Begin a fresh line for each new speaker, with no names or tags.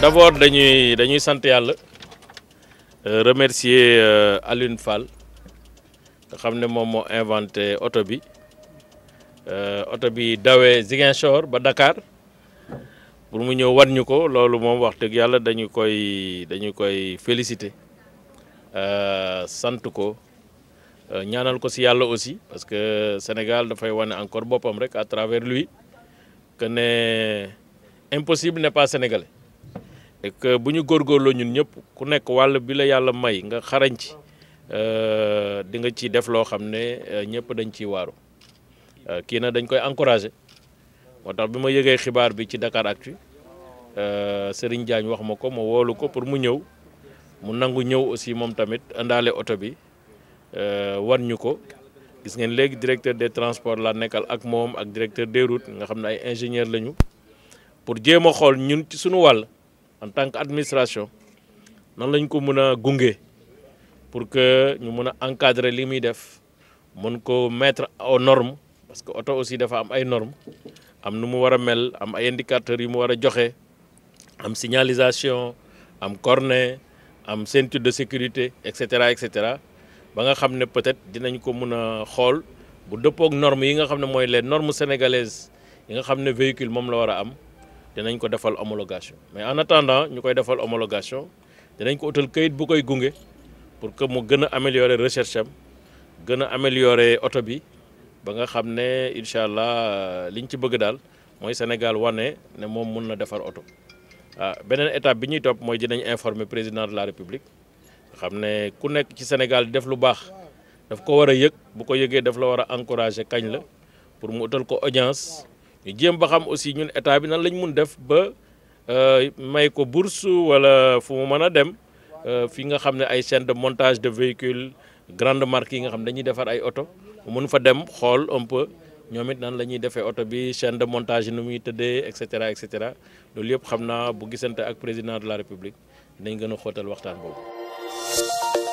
d'abord dañuy dañuy sant yàlla euh, remercier euh, Alune Fall nga xam ne mo inventé auto bi auto euh, bi dawee Ziguinchor ba Dakar pour mu ñëw wan ko lolu mom wax deug Yalla dañuy koy dañuy koy féliciter sante ko ñaanal ko ci Yalla aussi parce que Sénégal fay wane encore bopam rek à travers lui que né impossible n'est pas sénégalais. et bu ñu góor góorgóorloo ñun ñëpp ku nekk wàll bi la yàlla may nga xarañ ci euh, di nga ci def loo xam ne euh, ñëpp dañ ci waaru euh, kii na dañ koy encouragé moo tax bi ma yëgee xibaar bi ci Dakaractu Serigne Diagne wax ma ko ma woolu ko pour mu ñëw mu nangu ñëw aussi moom tamit indaale oto bi wan ñu ko gis ngeen léegi directeur des transport la nekkal ak moom ak directeur des routes nga xam ne ay ingénieur lañu pour jéem a xool ñun ci suñu wàll en tant qu'administration nan lañ ko mëna gungé pour que ñu mëna encadrer limi def mën ko mettre aux normes parce que auto aussi dafa am ay normes am nu mu wara mel am ay indicateurs yu mu wara joxé am signalisation am cornet am ceinture de sécurité et cetera et cetera ba nga xamné ne peut-être dinañ ko mëna xol bu dëppoog norme yi nga xamné ne les normes sénégalaises yi nga xamné véhicule mom la wara am dinañ ko defal homologation mais en attendant ñu koy defal homologation dinañ ko utal kayit bu koy gunge pour que mu gën a améliorer recherche am gën a améliorer oto bi ba nga xam ne incha allah euh, liñ ci bëgg daal mooy Sénégal wane ne moom mun na defar auto ah beneen état bi ñuy topp mooy dinañ informer président de la république xam ne ku nekk ci Sénégal di def lu baax daf ko war a yëg bu ko yëgee daf la war a encourager kañ la pour mu utal ko audience. ñu jéem ba xam aussi ñun état bi nan lañ mun def ba euh, may ko bourse wala fu mu mën a dem euh, fi nga xam ne ay chaîne de montage de véhicules grande marque yi nga xam ne dañuy defar ay oto mun fa dem xool un peu ñoom it nan la ñuy defee oto bi chaîne de montage yi nu muy tëddee et cetera et cetera loolu yëpp xam naa bu gisante ak président de la république dañ gën a xóotal waxtaan boobu.